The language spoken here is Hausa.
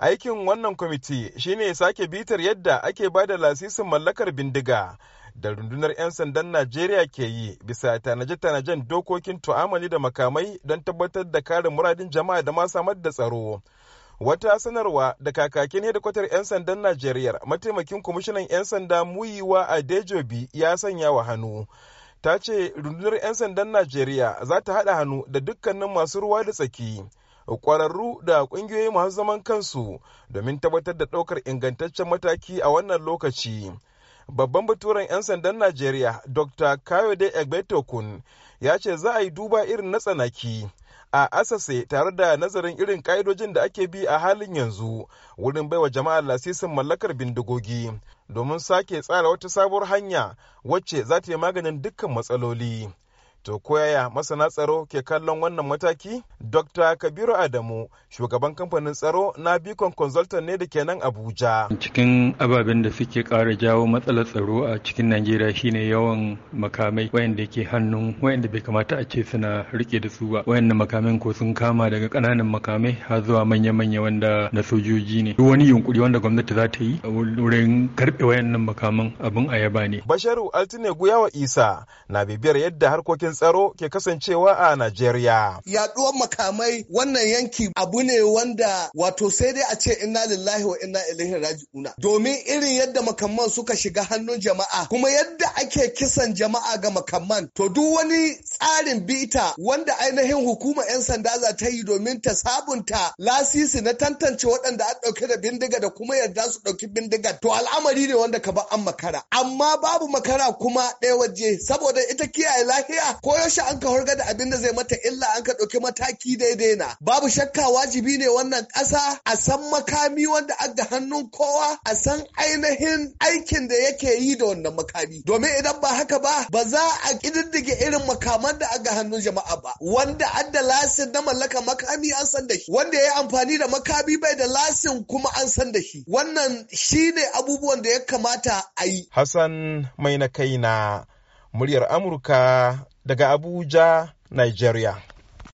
Aikin wannan kwamiti shine sake bitar yadda ake ba da lasisin mallakar bindiga da rundunar 'yan sandan Najeriya ke yi bisa tanaje-tanajen dokokin tu'amali da makamai don tabbatar da kare muradin jama'a da ma samar da tsaro. wata sanarwa da kakakin hedikwatar 'yan sandan najeriya mataimakin kwamishinan 'yan sanda muyiwa a dejobi ya sanya wa hannu ta ce rundunar 'yan sandan najeriya za ta haɗa hannu da dukkanin masu ruwa da tsaki kwararru da kungiyoyi masu zaman kansu domin tabbatar da ɗaukar ingantaccen mataki a wannan lokaci. Babban baturan 'yan sandan Najeriya Dr. Kayode Egbetokun ya ce za a yi duba irin na tsanaki. a asase tare da nazarin irin ƙa'idojin da ake bi a halin yanzu wurin baiwa jama'a lasisin mallakar bindigogi domin sake tsara wata sabuwar hanya wacce za ta yi maganin dukkan matsaloli. To koyaya masana tsaro ke kallon wannan mataki? Dr. Kabiru Adamu, shugaban kamfanin tsaro na Bikon Consultant ne da ke nan Abuja. Cikin ababen da suke kara jawo matsalar tsaro a cikin Najeriya shine yawan makamai wayanda ke hannun wayanda bai kamata a ce suna rike da su ba. Wayannan makamai ko sun kama daga kananan makamai har zuwa manya-manya wanda na sojoji ne. Duk wani yunkuri wanda gwamnati za ta yi wurin karɓe wayannan makaman abin yaba ne. Basharu Altine Guyawa Isa na bibiyar yadda harkokin tsaro ke kasancewa a Najeriya. Yaduwar makamai wannan yanki abu ne wanda wato sai dai a ce inna lillahi wa inna ilaihi raji'una. Domin irin yadda makamman suka shiga hannun jama'a kuma yadda ake kisan jama'a ga makamman to duk wani tsarin bita wanda ainihin hukumar 'yan sanda za ta yi domin ta sabunta lasisi na tantance waɗanda an ɗauke da bindiga da kuma yarda su ɗauki bindiga to al'amari ne wanda ka ba an makara amma babu makara kuma ɗaya waje saboda ita kiyaye lahiya, ko yaushe an ka horgar da abin da zai mata illa an ka ɗauki mataki daidai na babu shakka wajibi ne wannan ƙasa a san makami wanda aka hannun kowa a san ainihin aikin da yake yi da wannan makami domin idan ba haka ba ba za a ƙididdige irin makaman kamar da aga hannun jama'a ba wanda adda lasin na mallaka makami an san da shi wanda ya amfani da makami bai da lasin kuma an san da shi wannan shine abubuwan da ya kamata a yi Hassan mai na kaina muryar Amurka daga Abuja Nigeria